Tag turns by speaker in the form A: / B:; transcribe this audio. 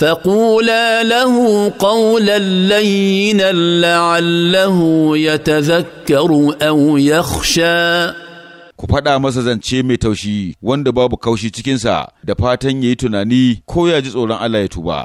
A: فقولا له قولا لينا لعله يتذكر او يخشى ku faɗa masa zance
B: mai taushi wanda babu kaushi cikinsa da fatan ya yi tunani ko ya ji tsoron Allah
C: ya tuba.